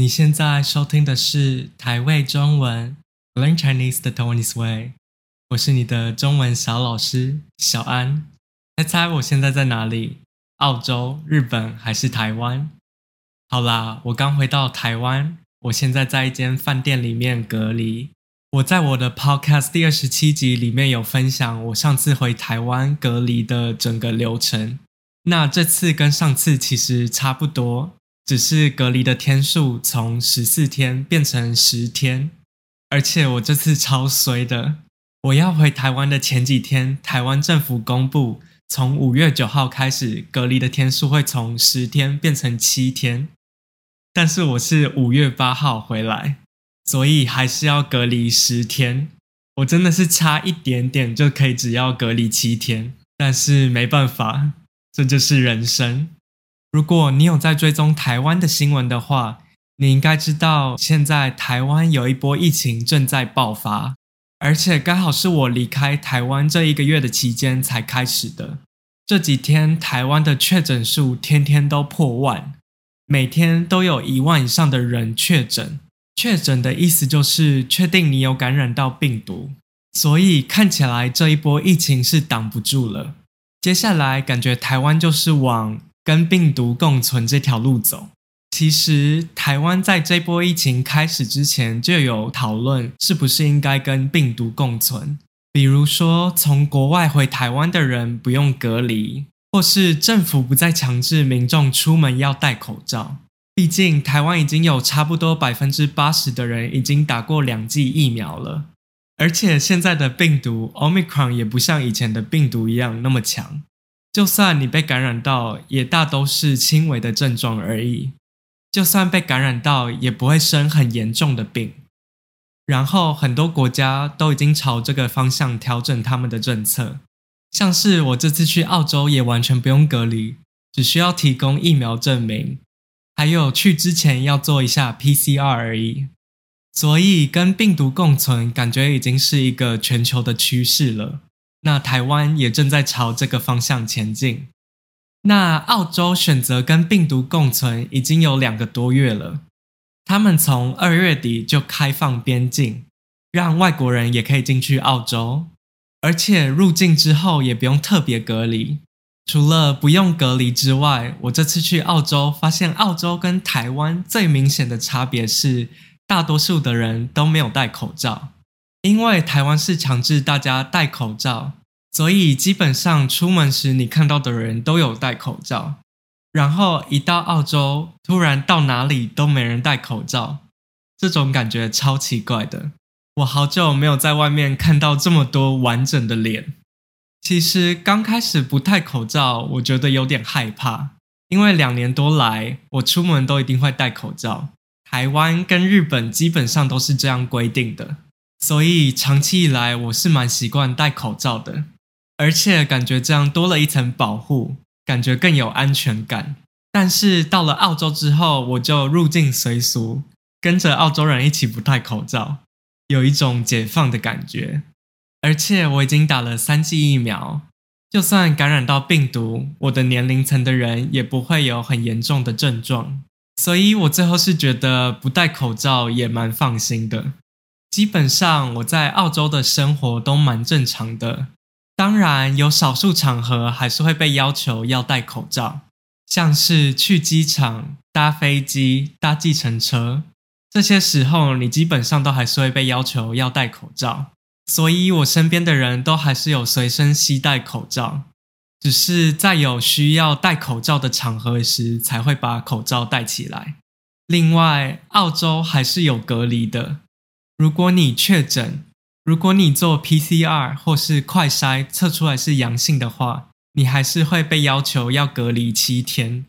你現在收聽的是台味中文，Learn Chinese the Taiwanese way。我是你的中文小老師小安。猜猜我現在在哪裡？澳洲、日本還是台灣？好啦，我剛回到台灣，我現在在一間飯店裡面隔離。我在我的 Podcast 第二十七集裡面有分享我上次回台灣隔離的整個流程。那這次跟上次其實差不多。只是隔離的天數從十四天變成十天，而且我這次超衰的。我要回台灣的前幾天，台灣政府公布，從五月九號開始，隔離的天數會從十天變成七天。但是我是五月八號回來，所以還是要隔離十天。我真的是差一點點就可以只要隔離七天，但是沒辦法，這就是人生。如果你有在追蹤台灣的新聞的話，你應該知道現在台灣有一波疫情正在爆發，而且剛好是我離開台灣這一個月的期間才開始的。這幾天台灣的確診數天天都破萬，每天都有一萬以上的人確診。確診的意思就是確定你有感染到病毒，所以看起來這一波疫情是擋不住了。接下來感覺台灣就是往。跟病毒共存這條路走，其實台灣在這波疫情開始之前就有討論，是不是應該跟病毒共存？比如說，從國外回台灣的人不用隔離，或是政府不再強制民眾出門要戴口罩。畢竟，台灣已經有差不多百分之八十的人已經打過兩劑疫苗了，而且現在的病毒 Omicron 也不像以前的病毒一樣那麼強。就算你被感染到，也大都是輕微的症狀而已。就算被感染到，也不會生很嚴重的病。然後，很多國家都已經朝這個方向調整他們的政策，像是我這次去澳洲也完全不用隔離，只需要提供疫苗證明，還有去之前要做一下 PCR 而已。所以，跟病毒共存，感覺已經是一個全球的趨勢了。那台灣也正在朝這個方向前進。那澳洲選擇跟病毒共存已經有兩個多月了，他們從二月底就開放邊境，讓外國人也可以進去澳洲，而且入境之後也不用特別隔離。除了不用隔離之外，我這次去澳洲發現，澳洲跟台灣最明顯的差別是，大多數的人都沒有戴口罩。因為台灣是強制大家戴口罩，所以基本上出門時，你看到的人都有戴口罩。然後一到澳洲，突然到哪裡都沒人戴口罩這種感覺超奇怪的。我好久沒有在外面看到這麼多完整的臉。其實剛開始不戴口罩，我覺得有點害怕，因為兩年多來我出門都一定會戴口罩。台灣跟日本基本上都是這樣規定的。所以，長期以來我是蠻習慣戴口罩的，而且感覺這樣多了一層保護，感覺更有安全感。但是到了澳洲之後，我就入境隨俗，跟着澳洲人一起不戴口罩，有一種解放的感覺。而且我已經打了三劑疫苗，就算感染到病毒，我的年齡層的人也不會有很嚴重的症狀。所以我最後是覺得不戴口罩也蠻放心的。基本上我在澳洲的生活都蠻正常的，當然有少數場合還是會被要求要戴口罩，像是去機場、搭飛機、搭計程車這些時候，你基本上都還是會被要求要戴口罩。所以我身邊的人都還是有隨身攜帶口罩，只是在有需要戴口罩的場合時才會把口罩戴起來。另外，澳洲還是有隔離的。如果你確診，如果你做 PCR 或是快篩測出來是陽性的話，你還是會被要求要隔離七天。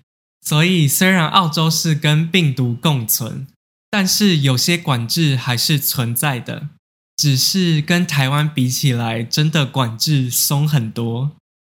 所以，雖然澳洲是跟病毒共存，但是有些管制還是存在的。只是跟台灣比起來，真的管制鬆很多。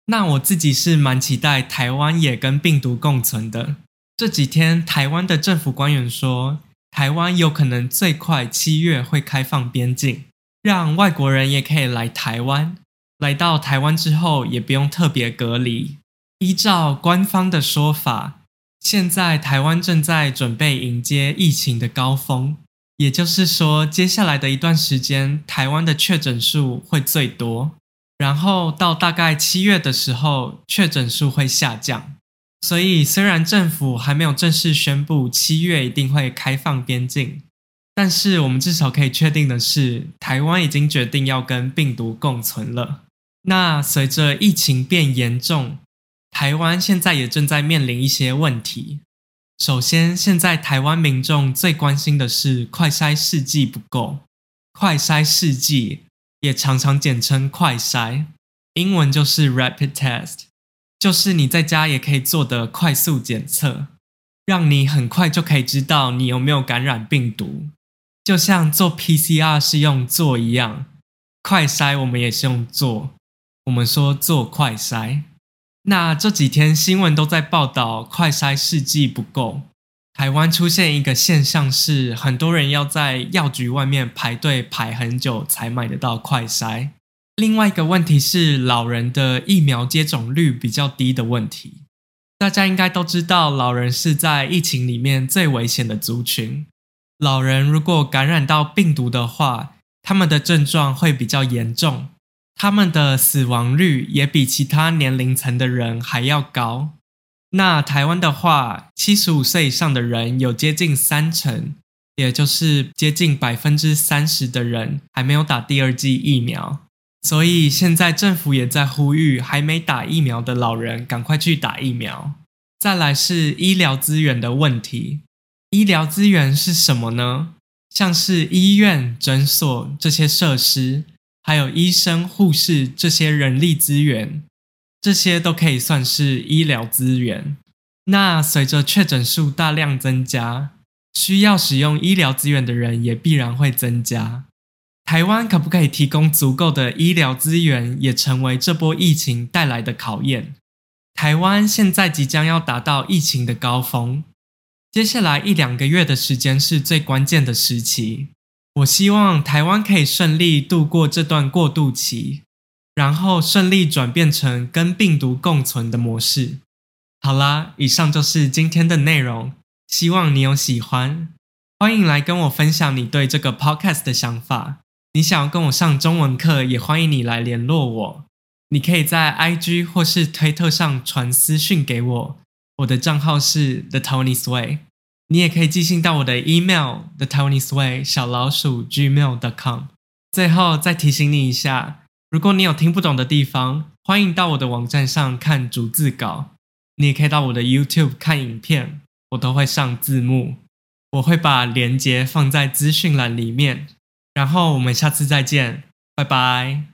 那我自己是蠻期待台灣也跟病毒共存的。這幾天，台灣的政府官員說，台灣有可能最快七月會開放邊境，讓外國人也可以來台灣。來到台灣之後，也不用特別隔離。依照官方的說法，現在台灣正在準備迎接疫情的高峰，也就是說，接下來的一段時間，台灣的確診數會最多。然後到大概七月的時候，確診數會下降。所以，雖然政府還沒有正式宣布七月一定會開放邊境，但是我們至少可以確定的是，台灣已經決定要跟病毒共存了。那隨着疫情變嚴重，台灣現在也正在面臨一些問題。首先，現在台灣民眾最關心的是快篩試劑不夠，快篩試劑也常常簡稱快篩，英文就是 rapid test。就是你在家也可以做的快速檢測，讓你很快就可以知道你有沒有感染病毒。就像做 PCR 是用做一樣，快篩我們也是用做。我們說做快篩。那這幾天新聞都在報道快篩試劑不夠，台灣出現一個現象是，很多人要在藥局外面排隊排很久才買得到快篩。另外一個問題是，老人的疫苗接種率比較低的問題。大家應該都知道，老人是在疫情裡面最危險的族群。老人如果感染到病毒的話，他們的症狀會比較嚴重，他們的死亡率也比其他年齡層的人還要高。那台灣的話，七十五歲以上的人有接近三成，也就是接近百分之三十的人還沒有打第二劑疫苗。所以現在政府也在呼籲還沒打疫苗的老人趕快去打疫苗。再來是醫療資源的問題。醫療資源是什麼呢？像是醫院、診所這些設施，還有醫生、護士這些人力資源，這些都可以算是醫療資源。那隨着確診數大量增加，需要使用醫療資源的人也必然會增加。台灣可不可以提供足夠的醫療資源，也成為這波疫情帶來的考驗。台灣現在即將要達到疫情的高峰，接下來一兩個月的時間是最關鍵的時期。我希望台灣可以順利度過這段過渡期，然後順利轉變成跟病毒共存的模式。好啦，以上就是今天的內容，希望你有喜歡，歡迎來跟我分享你對這個 podcast 的想法。你想要跟我上中文課，也歡迎你來聯絡我。你可以在 IG 或是推特上傳私訊給我，我的賬號是 thetaiwaneseway。你也可以寄信到我的 email thetaiwaneseway 小老鼠 gmail.com。最後再提醒你一下，如果你有聽不懂的地方，歡迎到我的網站上看逐字稿。你也可以到我的 YouTube 看影片，我都會上字幕。我會把鏈接放在資訊欄裡面。然後我們下次再見，拜拜。